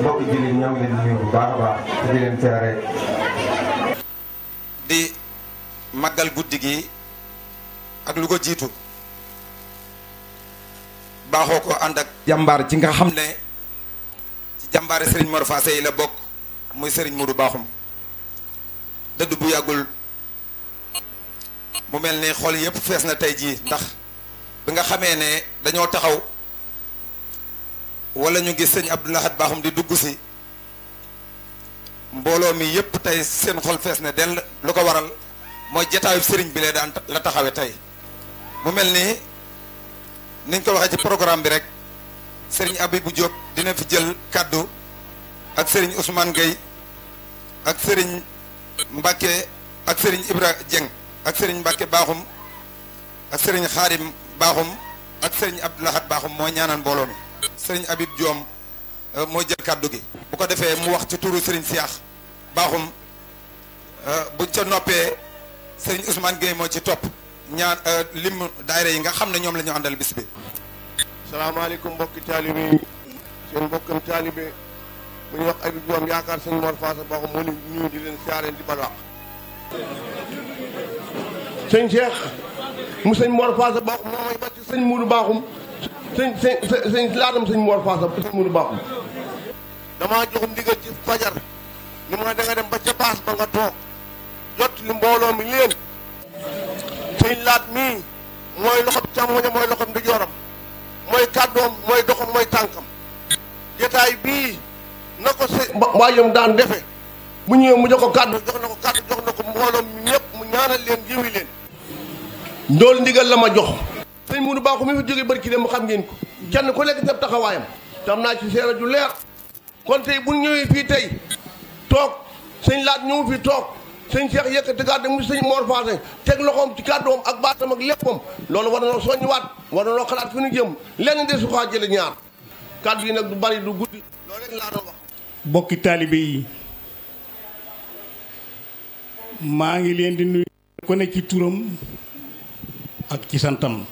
mbokki jullit ñoo ngi leen di nuyu bu baax a baax te di leen teere di màggal guddi gi ak lu ko jiitu baaxoo ko ànd ak jàmbaar ci nga xam ne ci jàmbaare Serigne Mor Fassé yi la bokk muy Serigne Modou Bakhoum dëdd bu yàggul mu mel xol yëpp fees na tey jii ndax bi nga xamee ne dañoo taxaw wala ñu gis sëñ Abdou Lahad baaxum di dugg si mbooloo mi yépp tey seen xol fees ne dell lu ko waral mooy jataayu sëriñ bi lee daan la taxawee tey mu mel nii niñ ko waxee ci programme bi rek sëriñ Abibou Diop dina fi jël kàddu ak sëriñ Ousmane Gueye ak sëriñ Mbacke ak sëriñ Ibra Dieng ak sëriñ Mbacke baaxum ak sëriñ Xaarim baaxum ak sëriñ Abdou Lahad Bakhoum mooy ñaanal mbooloo mi sëriñ Habib Diom euh, mooy jël kàddu gi. bu ko defee mu wax ci turu sëriñ Siax baaxum euh, buñ ca noppee sëriñ Ousmane Gueye moo ci topp ñaan euh, lim daayira yi nga xam ne ñoom la ñu àndal bis bi. salaamaaleykum mbokki taalibe yi seen mbokkam taalibe bu ñuy wax Habib Diom yaakaar sëñ Mor Faasa baaxum moo leen di leen siyaareen di balaax. sëñ mu sëñ Mor Faasa baaxum moo may ba ci sëñ Mourou Baaxum. sëñ sëñ sëñ laatam sëñ Mor Faasa sëñ Mourou Bakhoum. damaa jox ndigal ci fajar ni ma da nga dem ba ca baas ba nga toog jot li mbooloo mi leen. sëñ laat mii mooy loxob càmmoñam mooy loxob ndijooram mooy kàddoom mooy doxam mooy tànkam. jotaay bii na ko se. mbaajam daan defe bu ñëwee mu jox ko kàddu jox na ko kàddu jox na ko mbooloo mi ñëpp mu ñaanal leen yiwi leen. ndool ndigal la ma jox. sëñ Mourou Baaxu mi fi jógee bari ci dem xam ngeen ko kenn ku nekk def taxawaayam tam naa ci seera ju leer kon tey bu ñëwee fii tey toog sëñ laat ñëw fi toog sëñ Cheikh yëkkati kàddu mu sëñ Mor Fassé teg loxoom ci kàddoom ak baatam ak léppam loolu war na noo soññiwaat war na noo xalaat fi ñu jëm lenn de su jële ñaar kàddu yi nag du bari du guddi loolu rek laa doon wax bokki taalibe yi maa ngi leen di nuyu ko ne ci turam ak ci santam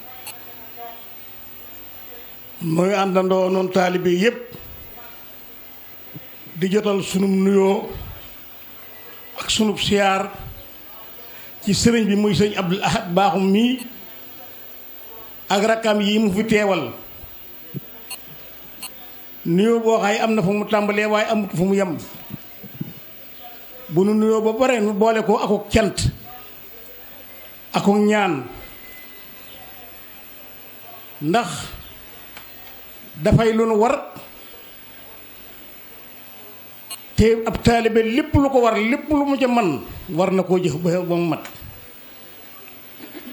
nuy àndandoo noonu taalibe yépp di jotal sunum nuyoo ak sunub siyaar ci sëriñ bi muy sëñ Abdul Ahad Baaxum mii ak rakkam yi mu fi teewal nuyoo boo xay am na fu mu tàmbalee waaye amut fu mu yem bu nu nuyoo ba pare nu boole ko akuk cant akuk ñaan ndax dafay lu nu war te ab taalibe lépp lu ko war lépp lu mu ca man war na koo jëf ba mu mat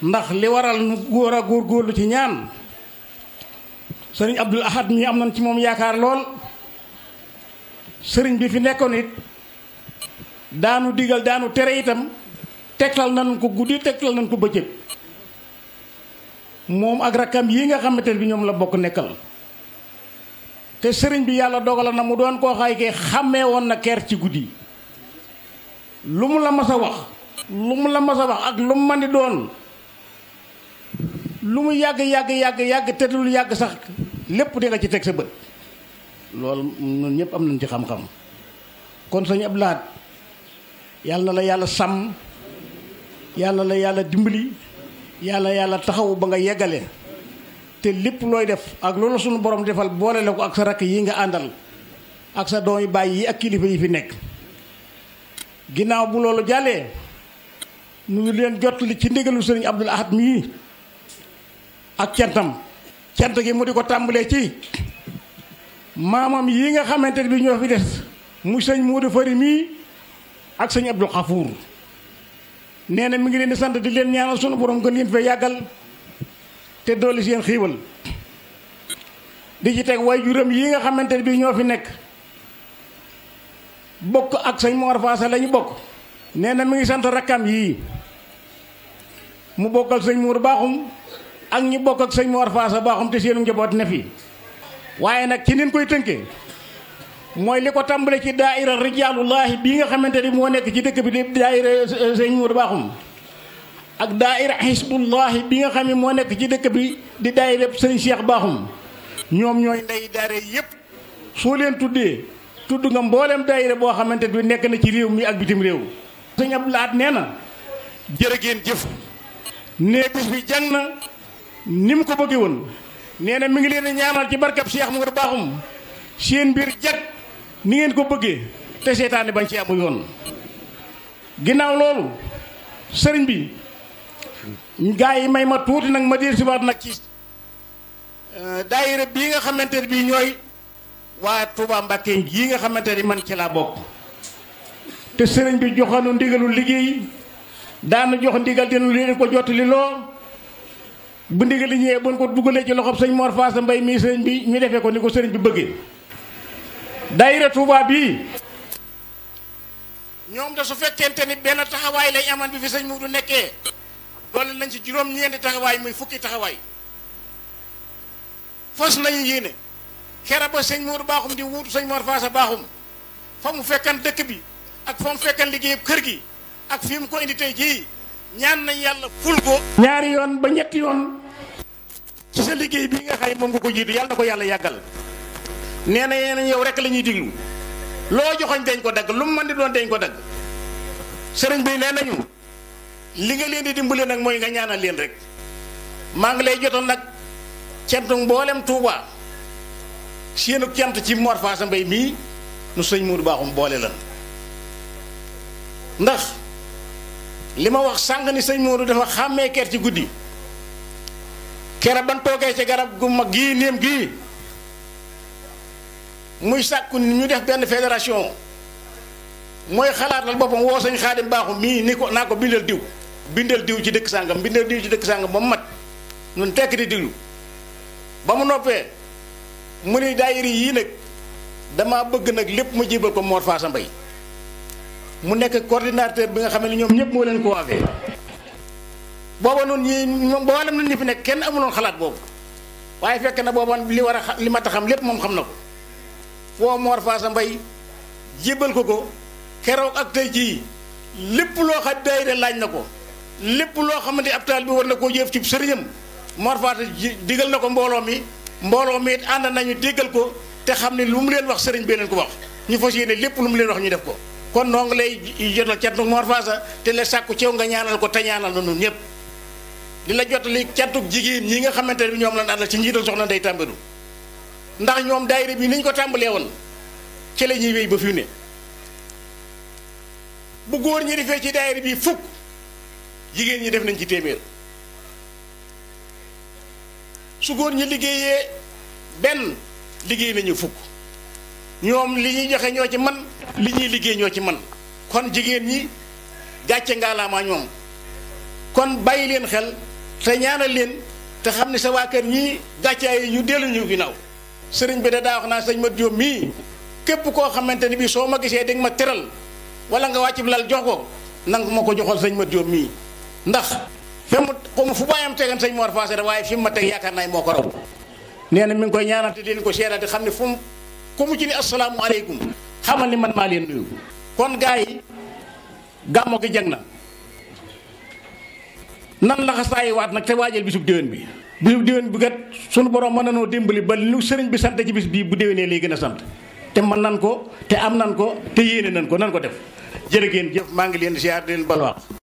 ndax li waral nu góor a góorgóorlu ci ñaan sëriñ Abdul Ahad mi am nañ ci moom yaakaar lool sëriñ bi fi nekkoon it daanu digal daanu tere itam tegtal nañ ko guddi tegtal nañ ko bëccëg moom ak rakkam yi nga xamante bi ñoom la bokk nekkal te sëriñ bi yàlla dogala na mu doon koo xay ke xàmmee woon na ker ci guddi lu mu la mas a wax lu mu la mas a wax ak lu mu man di doon lu mu yàgg yàgg yàgg yàgg te lu yàgg sax lépp di nga ci teg sa bët loolu ñun ñëpp am nañ ci xam-xam kon sañu ab laat yàlla na la yàlla sàmm yàlla la yàlla dimbali yàlla yàlla taxawu ba nga yeggale te lepp looy def ak loolu sunu borom defal boole lako ak sa rak yi nga andal ak sa doomi yi yi ak kilifa yi fi nek ginaaw bu lolu jàllee nu ngi leen jottali ci ndigalu serigne Abdul Ahad mi ak ciantam ciant gi mu di ko tàmbalee ci mamam yi nga xamanteni bi ñoo fi def mu serigne Modou Fari mi ak serigne Abdul neena mi ngi len di sante di len ñaanal sunu borom gën fe yagal te dolli seen xiiwal di ci teg way juram yii nga xamante ne bii ñoo fi nekk bokk ak sëñ Mor Faasa la bokk nee na mi ngi sant rakkam yii mu bokkal sëñ Mour baaxum ak ñi bokk ak sëñ Mor Faasa baaxum te seenu njaboot ne fi waaye nag ci nin koy tënkee mooy li ko tàmbale ci daa daaira rijaalullaahi bii nga xamante ni moo nekk ci dëkk bi di daaira sëñ Mour baaxum ak daaira hisbullah bi nga xamni mo nek ci dekk bi di daaira serigne Cheikh bahum ñom ñoy ndey daare yep fo leen tuddé tudd nga mbolem daaira bo xamanté du nek na ci réew mi ak bitim réew serigne abdoulat nee na jërë jëf ne bis bi jàng na nim ko bëggee won nee mi ngi leen ñaanal ci barkab Cheikh ngi Bakhoum seen bir jak ni ngeen ko bëggee te sétane bañ ci am yoon ginaaw loolu serigne bi gaa yi may ma tuuti nag ma dir si waat nag ci euh, daayira bii nga xamante ne bii ñooy waa Touba Mbacke yi nga xamante ni man ci laa bokk te sëriñ bi joxanu ndigalu liggéey daana jox ndigal dinu leen ko jottali loo bu ndigal li ñëwee buñ ko dugalee ci loxob sëñ Mor Faasa Mbay mii sëriñ bi ñu defee ko ni ko sëriñ bi bëggee daayira Touba bii ñoom da su fekkente ni benn taxawaay lañ aman bi fi sëñ Muudu nekkee doole nañ ci juróom-ñeenti taxawaay muy fukki taxawaay fas nañu yéene xera ba sëñ Modou Bakhoum di wuutu sëñ Mor Faasa Bakhoum fa mu fekkan dëkk bi ak fa mu fekkan liggéeyub kër gi ak fi mu ko indi tey jii ñaan nañ yàlla ful ko ñaari yoon ba ñetti yoon ci sa liggéey bii nga xay moom nga ko jiitu yàlla na ko yàlla yàggal nee na yéen yow rek la ñuy diglu loo joxoñ dañ ko dagg lu mu mën di doon dañ ko dagg sëriñ bi nee nañu li nga leen di dimbali nag mooy nga ñaanal leen rek maa ngi lay jotoon nag cantu mboolem Touba seenu cant ci Mor Faasa Mbay mii nu sëñ Mourou Baaxum boole lan ndax li ma wax sàng ni sëñ Mourou dafa xàmmee ker ci guddi kera ban toogee ci garab gu mag gii néem gii muy sàkku ñu def benn fédération mooy xalaatal boppam woo sëñ Xaadim Baaxum mii ni ko naa ko bindal diw bindal diw ci dëkk sàngam bindal diw ci dëkk sàngam ba mu mat ñun tekk di diglu ba mu noppee mu ni daayiri yii nag damaa bëgg nag lépp mu jibal ko Mor Faasa Mbay mu nekk coordinateur bi nga xam ne ñoom ñëpp moo leen ko waafee booba noonu ñii moom boobalam nañ ñi fi nekk kenn amuloon xalaat boobu waaye fekk na booba li war a li mat a xam lépp moom xam na ko foo Mor Faasa Mbay jibal ko ko keroog ak tey jii lépp loo xam daayira laaj na ko lépp loo xamante ab taal bi war na koo jëf ci sëriñam Mor Faata digal na ko mbooloo mi mbooloo mi it ànd nañu déggal ko te xam ne lu mu leen wax sëriñ beneen ko wax ñu fas ne lépp lu mu leen wax ñu def ko kon noo lay lay jotal cantu Mor Faata te la sàkku ceew nga ñaanal ko te ñaanal na ñun ñëpp li jot jotali cantu jigéen ñi nga xamante ne ñoom lañ àndal ci njiital soxna Ndeye Tambadou ndax ñoom daayira bi ni ñu ko tàmbalee woon ci la ñuy wéy ba fi góor ñi jigéen ñi def nañ ci téeméer su góor ñi liggéeyee benn liggéey nañu fukk ñoom li ñuy joxe ñoo ci man li ñuy liggéey ñoo ci man kon jigéen ñi gàcce ngaalaamaa ñoom kon bàyyi leen xel te ñaanal leen te xam ne sa waa kër ñii gàccaay yi ñu dellu ñu sëriñ bi da daa wax naa sañ ma Jóob mii képp koo xamante ni bii soo ma gisee dégg ma teral wala nga wàcc lal jox ko nanga ma ko joxal sañ ma Jóob mii ndax fi mu xaw ma fu bàyyam tegan sëñ Mor Fassé waaye fi mu ma teg yaakaar naa moo ko raw nee na mi koy ñaanal te dinañ ko seeral te xam ne fu mu ku mu ci ni asalaamualeykum xamal ni man maa leen nuyu. kon gars yi gàmmo gi jag na nan la xasaayi waat nag te waajal bisub déwén bi. bisub déwén bi kat sunu borom mën na noo dimbali ba lu sëriñ bi sant ci bis bii bu déwénee lay gën a sant te mën nan ko te am nan ko te yéene nan ko nan ko def jërë ngeen jëf maa ngi leen ziar di leen